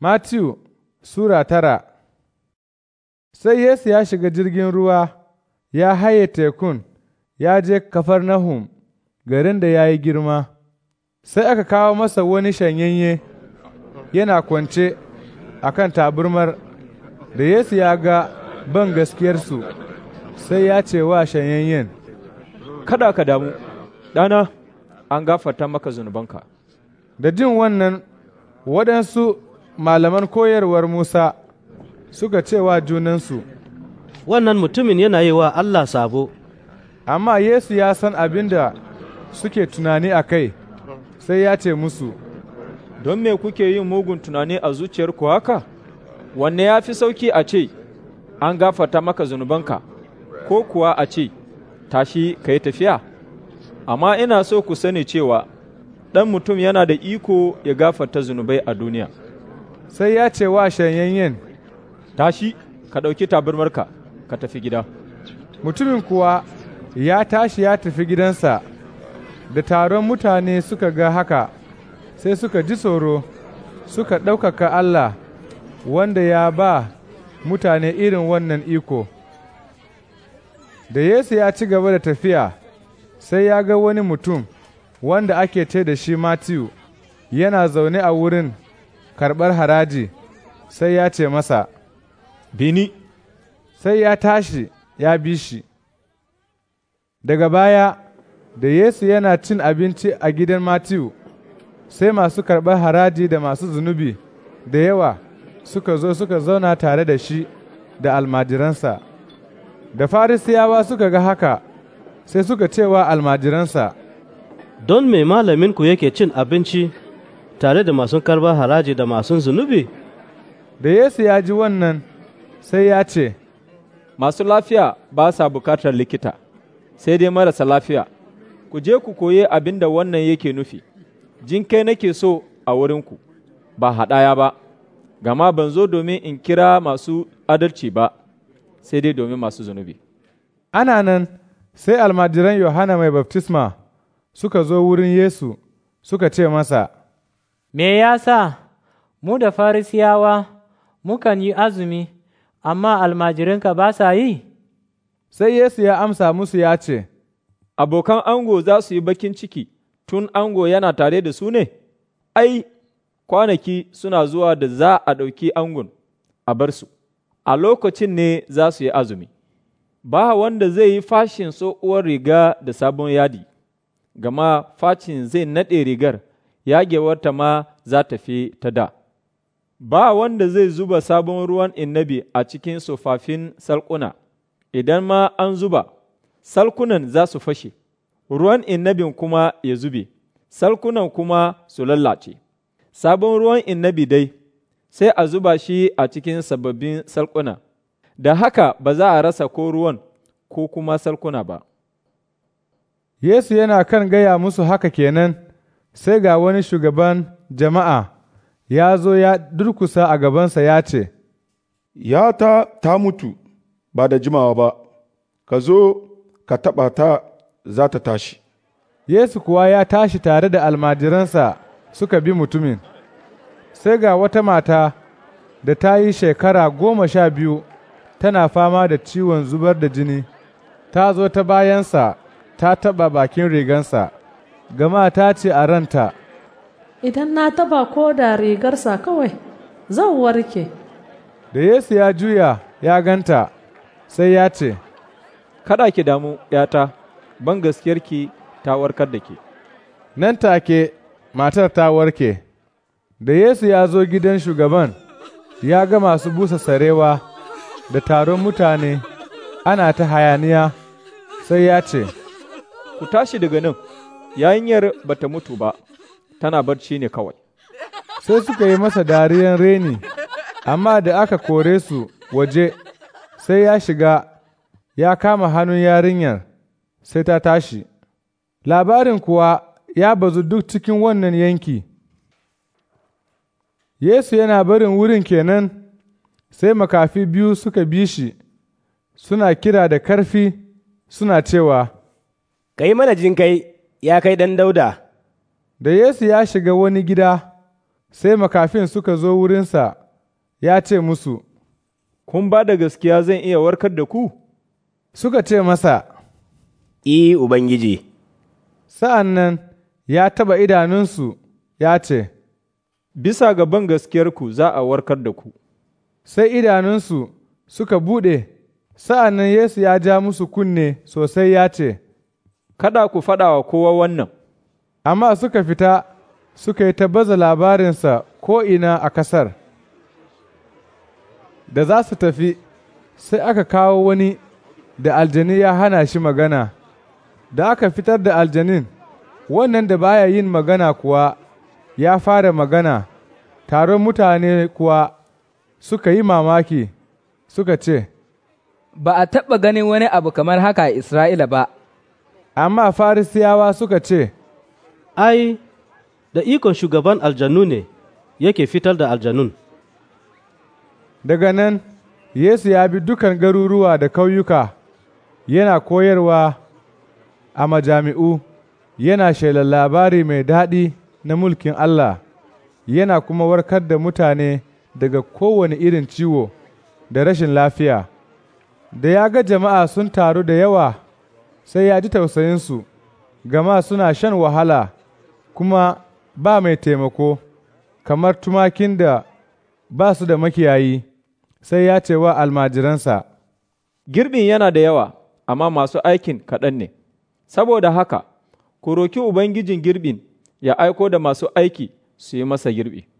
matthew Sura tara Sai Yesu ya shiga jirgin ruwa, ya haye tekun, ya je kafar Kafarnahum, garin da ya yi girma, sai aka kawo masa wani shanyenye yana kwance a kan taburmar da Yesu ya ga ban gaskiyarsu, sai ya ce wa shanyenyen, Kada ka damu, ɗana, an gafarta maka zunubanka. Da jin wannan, waɗansu malaman koyarwar Musa suka ce wa junansu, Wannan mutumin yana yi wa Allah sabo. Amma Yesu ya san abin da suke tunani a kai, sai ya ce musu, Don me kuke yin mugun tunani a zuciyar ku haka? Wanne ya fi sauki a ce, An gafata maka zunubanka, ko kuwa a ce, Tashi ka yi tafiya? Amma ina so ku sani cewa, Ɗan mutum yana da iko ya gafata zunubai a duniya. sai ya ce wa shanyayyen tashi ka ɗauki tabarmarka ka tafi gida mutumin kuwa ya tashi ya tafi gidansa da taron mutane suka ga haka sai suka ji tsoro suka ɗaukaka Allah wanda ya ba mutane irin wannan iko da Yesu ya ci gaba da tafiya sai ya ga wani mutum wanda ake ce da shi Matiyu yana zaune a wurin karɓar haraji, sai ya ce masa, Bini, sai ya tashi ya bi shi. Daga baya, da Yesu yana cin abinci a gidan Matiyu, sai masu karɓar haraji da masu zunubi da yawa suka zo suka zauna tare da shi da almajiransa. Da Farisiyawa suka ga haka, sai suka cewa almajiransa, Don mai malaminku yake cin abinci tare da masu karbar haraji da masu zunubi? Da Yesu ya ji wannan sai ya ce, Masu lafiya ba sa bukatar likita, sai dai marasa lafiya, ku je ku koye abin da wannan yake nufi, jin kai nake so a wurinku, ba haɗaya ba, gama ban zo domin in kira masu adalci ba, sai dai domin masu zunubi. Ana nan sai almajiran Yohana mai baftisma suka zo wurin Yesu suka ce masa, Me ya sa mu da Farisiyawa mukan yi azumi, amma almajirinka ba sa yi? Sai Yesu ya amsa musu ya ce, Abokan ango za su yi bakin ciki tun ango yana tare da su ne? Ai, kwanaki suna zuwa da za a ɗauki angon a bar su, a lokacin ne za su yi azumi. Ba wanda zai yi fashin so riga da sabon yadi, gama fashin zai naɗe rigar. yagewarta ma za ta fi ta da. Ba wanda zai zuba sabon ruwan inabi a cikin sofafin salkuna, idan ma an zuba, salkunan za su fashe, ruwan inabin kuma ya zube, salkunan kuma su lallace. Sabon ruwan inabi dai, sai a zuba shi a cikin sababbin salkuna, da haka ba za a rasa ko ruwan ko kuma salkuna ba. Yesu yana kan gaya musu haka kenan. sai ga wani shugaban jama'a ya zo ya durkusa a gabansa ya ce, Ya ta ta mutu ba da jimawa ba, ka zo ka taɓa ta za ta tashi. Yesu kuwa ya tashi tare da almajiransa suka bi mutumin, sai ga wata mata da ta yi shekara goma sha biyu tana fama da ciwon zubar da jini, ta zo ta bayansa ta taɓa bakin rigansa. gama ta ce a ranta, Idan na taba ko da rigarsa kawai, zan warke. Da Yesu ya juya ya ganta, sai ya ce, Kada ki damu, ‘yata, ban gaskiyarki ta warkar da ke. Nan take matar ta warke, da Yesu ya zo gidan shugaban, ya ga masu busa sarewa da taron mutane ana ta hayaniya, sai ya ce, Ku tashi daga nan. ba ta mutu ba tana barci ne kawai sai suka yi masa dariyan reni amma da aka kore su waje sai ya shiga ya kama hannun yarinyar sai ta tashi labarin kuwa ya bazu duk cikin wannan yanki Yesu yana barin wurin kenan sai makafi biyu suka bi shi suna kira da karfi suna cewa, Ka yi mana jinkai, ya kai ɗan dauda. Da Yesu ya shiga wani gida, sai makafin suka zo wurinsa, ya ce musu, Kun ba da gaskiya zan iya warkar da ku? Suka ce masa, I, Ubangiji. Sa'an nan ya taba idanunsu, ya ce, Bisa ga ban gaskiyarku za a warkar da ku. Sai idanunsu suka buɗe, sa'an nan Yesu ya ja musu kunne sosai ya ce, kada ku faɗa wa kowa wannan. Amma suka fita suka yi ta baza labarinsa ko'ina a ƙasar. Da za su tafi, sai aka kawo wani da aljani ya hana shi magana, da aka fitar da aljanin, wannan da baya yin magana kuwa ya fara magana, taron mutane kuwa suka yi mamaki, suka ce, Ba a taɓa ganin wani abu kamar haka a Isra'ila ba. Amma Farisiyawa suka ce, Ai, da ikon shugaban aljanu ne yake fitar da aljanun. Daga nan, Yesu ya bi dukan garuruwa da kauyuka, yana koyarwa a majami'u, yana shelar labari mai daɗi na mulkin Allah, yana kuma warkar da mutane daga kowane irin ciwo da rashin lafiya. Da ya ga jama'a sun taru da yawa sai ya ji tausayinsu, gama suna shan wahala kuma ba mai taimako, kamar tumakin da ba su da makiyayi, sai ya ce wa almajiransa, Girbin yana da yawa, amma masu aikin kaɗan ne, saboda haka, ku roki Ubangijin girbin ya aiko da masu aiki su yi masa girbi.